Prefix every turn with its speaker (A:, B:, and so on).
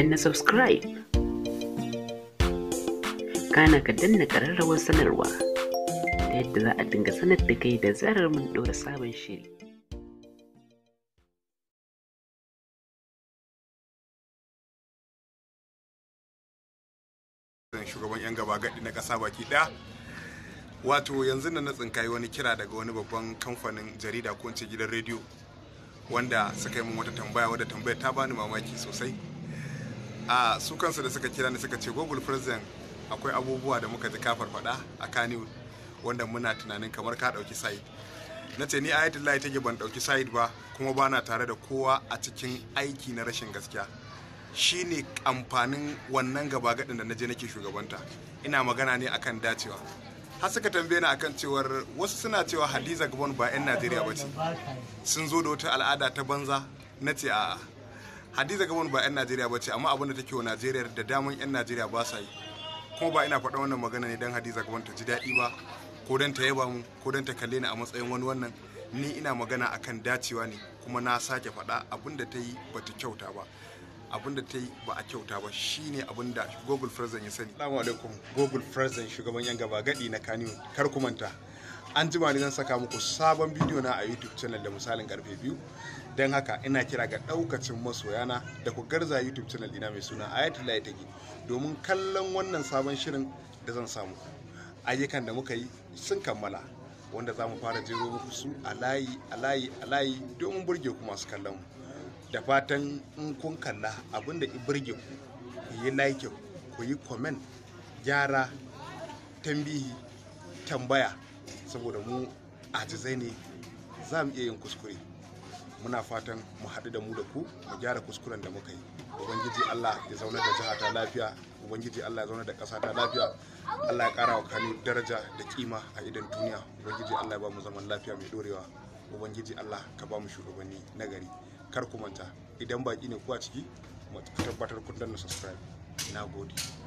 A: danna subscribe kana ka danna ƙararrawar sanarwa ta yadda za a dinga sanar da kai da zarar mun ɗora sabon shiri shugaban 'yan gaba gaɗi na ƙasa baki ɗaya wato yanzu na na tsinkayi wani kira daga wani babban kamfanin jarida ko gidan rediyo wanda suka yi min wata tambaya wadda tambayar ta bani mamaki sosai a su kansu da suka kira ni suka ce google president akwai abubuwa da muka ji kafar faɗa a kaniwu wanda muna tunanin kamar ka ɗauki side na ce ni ayatullahi take ban ɗauki side ba kuma bana tare da kowa a cikin aiki na rashin gaskiya shine amfanin wannan gaba gaɗin da na je nake shugabanta ina magana ne akan dacewa har suka tambaye ni akan cewar wasu suna cewa hadiza gabon ba 'yan najeriya ba ce sun zo da wata al'ada ta banza na ce a'a hadiza gabon ba 'yan najeriya ba ce amma abin da take wa najeriya da daman 'yan najeriya ba sa yi kuma ba ina faɗa wannan magana ne don hadiza gabon ta ji daɗi ba ko don ta yaba mu ko don ta kalle ni a matsayin wani wannan ni ina magana akan dacewa ne kuma na sake faɗa abin da ta yi ba ta kyauta ba abin da ta yi ba a kyauta ba shine abin da google president ya sani. Assalamu alaikum google president shugaban yan gaba gadi na kaniyo kar ku manta an jima ne zan saka muku sabon bidiyo na a youtube channel da misalin karfe biyu don haka ina kira ga daukacin masoyana da ku garza youtube channel dina mai suna ayatollah take domin kallon wannan sabon shirin da zan samu ayyukan da muka yi sun kammala wanda za mu fara jero muku su a layi a layi domin burge ku masu kallon mu da fatan in kun kalla da i burge ku ku yi like ku yi comment gyara tambihi tambaya saboda mu zai ne za mu iya yin kuskure muna fatan mu haɗu da mu da ku mu gyara kuskuren da muka yi ubangiji allah ya zauna da jiha ta lafiya ubangiji allah ya zauna da ƙasa ta lafiya allah ya ƙara wa kani daraja da kima a idan duniya ubangiji allah ya ba mu zaman lafiya mai ɗorewa ubangiji allah ka ba mu shugabanni na gari kar ku manta idan baki ne ku a ciki mu tabbatar kun danna subscribe na gode